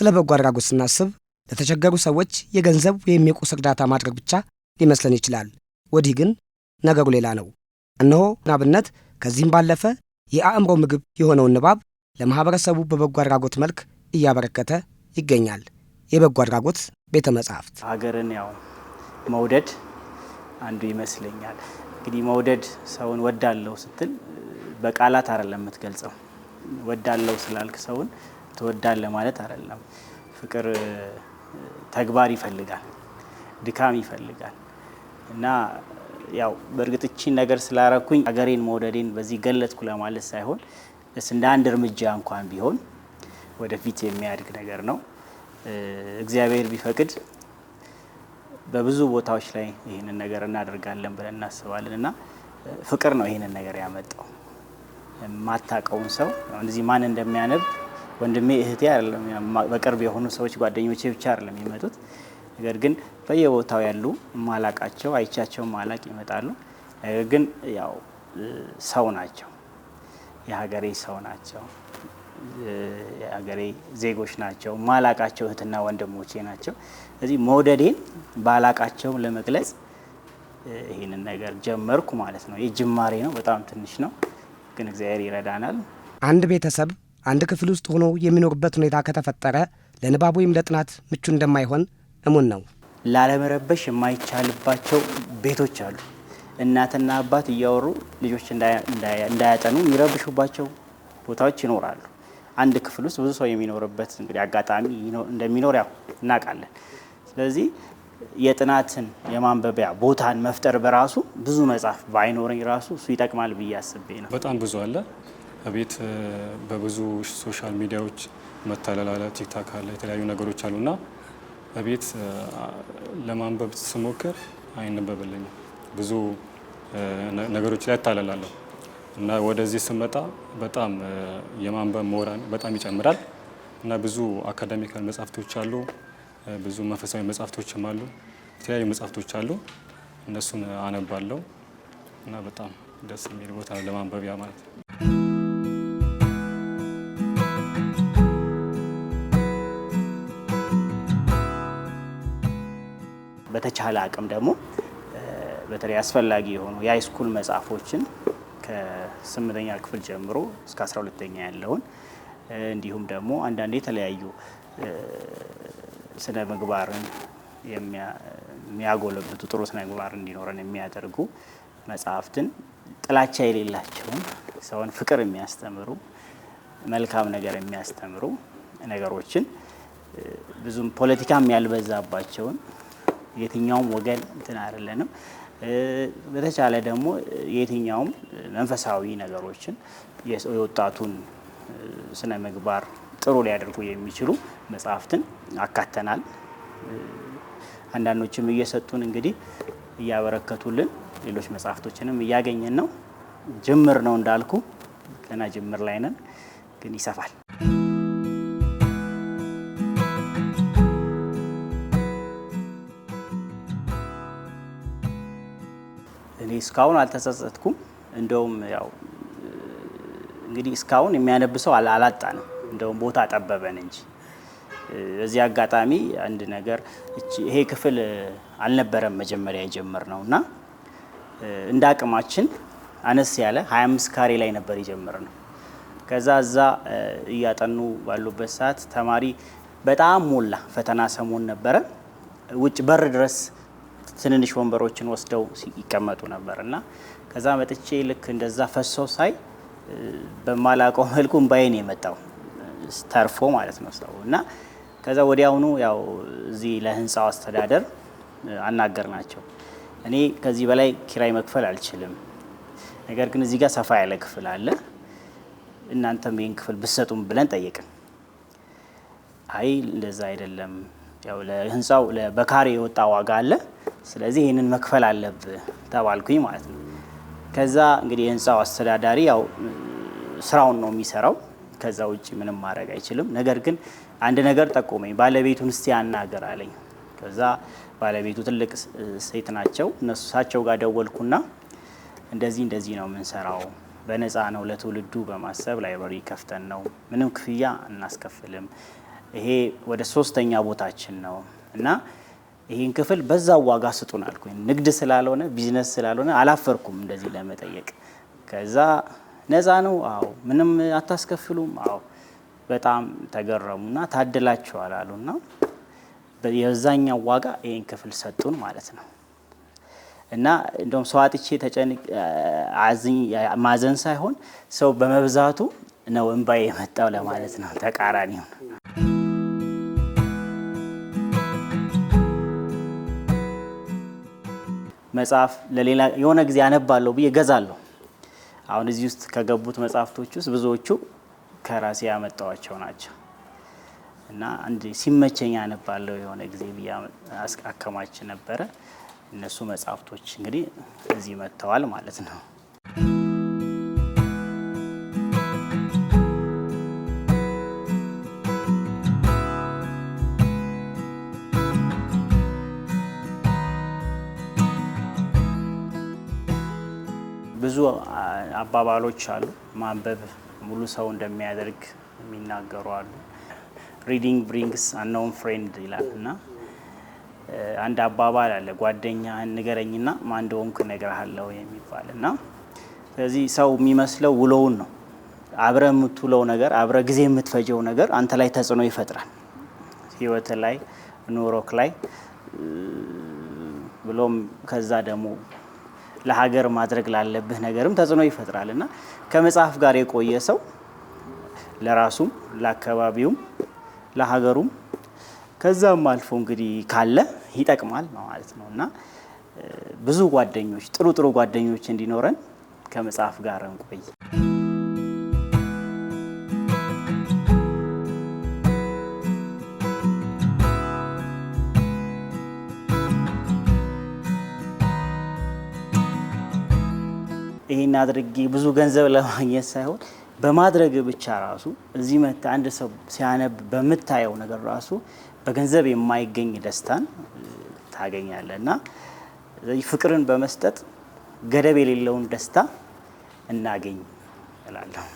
ስለ በጎ አድራጎት ስናስብ ለተቸገሩ ሰዎች የገንዘብ ወይም የቁስ እርዳታ ማድረግ ብቻ ሊመስለን ይችላል። ወዲህ ግን ነገሩ ሌላ ነው። እነሆ ናብነት ከዚህም ባለፈ የአእምሮ ምግብ የሆነውን ንባብ ለማኅበረሰቡ በበጎ አድራጎት መልክ እያበረከተ ይገኛል። የበጎ አድራጎት ቤተ መጻሕፍት ሀገርን ያው መውደድ አንዱ ይመስለኛል። እንግዲህ መውደድ ሰውን ወዳለው ስትል በቃላት አይደለም የምትገልጸው። ወዳለው ስላልክ ሰውን ትወዳለ ማለት አይደለም። ፍቅር ተግባር ይፈልጋል፣ ድካም ይፈልጋል እና ያው በእርግጥ ነገር ስላረኩኝ ሀገሬን መውደዴን በዚህ ገለጥኩ ለማለት ሳይሆን እንደ አንድ እርምጃ እንኳን ቢሆን ወደፊት የሚያድግ ነገር ነው። እግዚአብሔር ቢፈቅድ በብዙ ቦታዎች ላይ ይህንን ነገር እናደርጋለን ብለን እናስባለን እና ፍቅር ነው ይህንን ነገር ያመጣው። የማታውቀውን ሰው እዚህ ማን እንደሚያነብ ወንድሜ እህቴ አይደለም በቅርብ የሆኑ ሰዎች ጓደኞቼ ብቻ አይደለም የሚመጡት። ነገር ግን በየቦታው ያሉ ማላቃቸው አይቻቸው ማላቅ ይመጣሉ። ነገር ግን ያው ሰው ናቸው፣ የሀገሬ ሰው ናቸው፣ የሀገሬ ዜጎች ናቸው። ማላቃቸው እህትና ወንድሞቼ ናቸው። እዚህ መውደዴን ባላቃቸው ለመግለጽ ይህንን ነገር ጀመርኩ ማለት ነው። የጅማሬ ነው፣ በጣም ትንሽ ነው፣ ግን እግዚአብሔር ይረዳናል። አንድ ቤተሰብ አንድ ክፍል ውስጥ ሆኖ የሚኖርበት ሁኔታ ከተፈጠረ ለንባብ ወይም ለጥናት ምቹ እንደማይሆን እሙን ነው። ላለመረበሽ የማይቻልባቸው ቤቶች አሉ። እናትና አባት እያወሩ ልጆች እንዳያጠኑ የሚረብሹባቸው ቦታዎች ይኖራሉ። አንድ ክፍል ውስጥ ብዙ ሰው የሚኖርበት እንግዲህ አጋጣሚ እንደሚኖር ያው እናውቃለን። ስለዚህ የጥናትን የማንበቢያ ቦታን መፍጠር በራሱ ብዙ መጽሐፍ ባይኖረኝ ራሱ እሱ ይጠቅማል ብዬ አስቤ ነው። በጣም ብዙ አለ። ቤት በብዙ ሶሻል ሚዲያዎች መታለል አለ፣ ቲክታክ አለ፣ የተለያዩ ነገሮች አሉና ቤት ለማንበብ ስሞክር አይነበብልኝም። ብዙ ነገሮች ላይ እታለላለሁ እና ወደዚህ ስመጣ በጣም የማንበብ ሞራል በጣም ይጨምራል እና ብዙ አካዳሚካል መጽሐፍቶች አሉ፣ ብዙ መንፈሳዊ መጽሐፍቶችም አሉ፣ የተለያዩ መጽሐፍቶች አሉ። እነሱን አነባለሁ እና በጣም ደስ የሚል ቦታ ለማንበቢያ ማለት ነው። በተቻለ አቅም ደግሞ በተለይ አስፈላጊ የሆኑ የሃይስኩል መጽሐፎችን ከስምንተኛ ክፍል ጀምሮ እስከ አስራ ሁለተኛ ያለውን እንዲሁም ደግሞ አንዳንድ የተለያዩ ስነ ምግባርን የሚያጎለብቱ ጥሩ ስነ ምግባር እንዲኖረን የሚያደርጉ መጽሐፍትን፣ ጥላቻ የሌላቸውን ሰውን ፍቅር የሚያስተምሩ መልካም ነገር የሚያስተምሩ ነገሮችን ብዙም ፖለቲካም ያልበዛባቸውን የትኛውም ወገን እንትን አይደለንም። በተቻለ ደግሞ የትኛውም መንፈሳዊ ነገሮችን የወጣቱን ስነ ምግባር ጥሩ ሊያደርጉ የሚችሉ መጽሐፍትን አካተናል። አንዳንዶችም እየሰጡን እንግዲህ እያበረከቱልን ሌሎች መጽሐፍቶችንም እያገኘን ነው። ጅምር ነው እንዳልኩ ገና ጅምር ላይ ነን፣ ግን ይሰፋል። እኔ እስካሁን አልተጸጸትኩም። እንደውም ያው እንግዲህ እስካሁን የሚያነብሰው አላጣ ነው። እንደውም ቦታ ጠበበን እንጂ በዚህ አጋጣሚ አንድ ነገር ይሄ ክፍል አልነበረም መጀመሪያ የጀመርነው እና እንደ አቅማችን አነስ ያለ 25 ካሬ ላይ ነበር የጀመርነው። ከዛ እዛ እያጠኑ ባሉበት ሰዓት ተማሪ በጣም ሞላ። ፈተና ሰሞን ነበረ። ውጭ በር ድረስ ትንንሽ ወንበሮችን ወስደው ይቀመጡ ነበር እና ከዛ መጥቼ ልክ እንደዛ ፈሶ ሳይ በማላቀው መልኩ እምባዬን የመጣው ተርፎ ማለት ነው ሰው እና ከዛ ወዲያውኑ ያው እዚህ ለህንፃው አስተዳደር አናገር ናቸው። እኔ ከዚህ በላይ ኪራይ መክፈል አልችልም፣ ነገር ግን እዚህ ጋር ሰፋ ያለ ክፍል አለ፣ እናንተም ይህን ክፍል ብሰጡም ብለን ጠየቅን። አይ እንደዛ አይደለም ያው ለህንፃው በካሬ የወጣ ዋጋ አለ። ስለዚህ ይህንን መክፈል አለብህ ተባልኩኝ ማለት ነው። ከዛ እንግዲህ የህንፃው አስተዳዳሪ ያው ስራውን ነው የሚሰራው። ከዛ ውጭ ምንም ማድረግ አይችልም። ነገር ግን አንድ ነገር ጠቆመኝ። ባለቤቱን እስቲ ያናገር አለኝ። ከዛ ባለቤቱ ትልቅ ሴት ናቸው። እነሱ እሳቸው ጋር ደወልኩና እንደዚህ እንደዚህ ነው የምንሰራው፣ በነፃ ነው ለትውልዱ በማሰብ ላይብረሪ ከፍተን ነው፣ ምንም ክፍያ እናስከፍልም ይሄ ወደ ሶስተኛ ቦታችን ነው እና ይህን ክፍል በዛው ዋጋ ስጡን አልኩኝ። ንግድ ስላልሆነ ቢዝነስ ስላልሆነ አላፈርኩም እንደዚህ ለመጠየቅ። ከዛ ነፃ ነው? አዎ። ምንም አታስከፍሉም? አዎ። በጣም ተገረሙ ታድላቸዋል አሉ አሉና የዛኛው ዋጋ ይህን ክፍል ሰጡን ማለት ነው። እና እንደውም ሰው አጥቼ ተጨንቅ ማዘን ሳይሆን ሰው በመብዛቱ ነው እንባ የመጣው ለማለት ነው። ተቃራኒውን መጽሐፍ ለሌላ የሆነ ጊዜ አነባለሁ ብዬ ገዛለሁ። አሁን እዚህ ውስጥ ከገቡት መጽሐፍቶች ውስጥ ብዙዎቹ ከራሴ ያመጣዋቸው ናቸው እና አንድ ሲመቸኝ አነባለሁ የሆነ ጊዜ ብዬ አከማች ነበረ። እነሱ መጽሐፍቶች እንግዲህ እዚህ መጥተዋል ማለት ነው። ብዙ አባባሎች አሉ። ማንበብ ሙሉ ሰው እንደሚያደርግ የሚናገሩ አሉ። ሪዲንግ ብሪንግስ አናውን ፍሬንድ ይላል እና አንድ አባባል አለ ጓደኛ ንገረኝና ማን እንደሆንክ እነግርሃለሁ የሚባል እና ስለዚህ ሰው የሚመስለው ውሎውን ነው። አብረ የምትውለው ነገር፣ አብረ ጊዜ የምትፈጀው ነገር አንተ ላይ ተጽዕኖ ይፈጥራል፣ ህይወት ላይ ኑሮክ ላይ ብሎም ከዛ ደግሞ ለሀገር ማድረግ ላለብህ ነገርም ተጽዕኖ ይፈጥራል እና ከመጽሐፍ ጋር የቆየ ሰው ለራሱም ለአካባቢውም ለሀገሩም ከዛም አልፎ እንግዲህ ካለ ይጠቅማል ማለት ነው እና ብዙ ጓደኞች ጥሩ ጥሩ ጓደኞች እንዲኖረን ከመጽሐፍ ጋር እንቆይ። ይሄን አድርጌ ብዙ ገንዘብ ለማግኘት ሳይሆን በማድረግ ብቻ ራሱ እዚህ መ አንድ ሰው ሲያነብ በምታየው ነገር ራሱ በገንዘብ የማይገኝ ደስታን ታገኛለ እና ፍቅርን በመስጠት ገደብ የሌለውን ደስታ እናገኝ እላለሁ።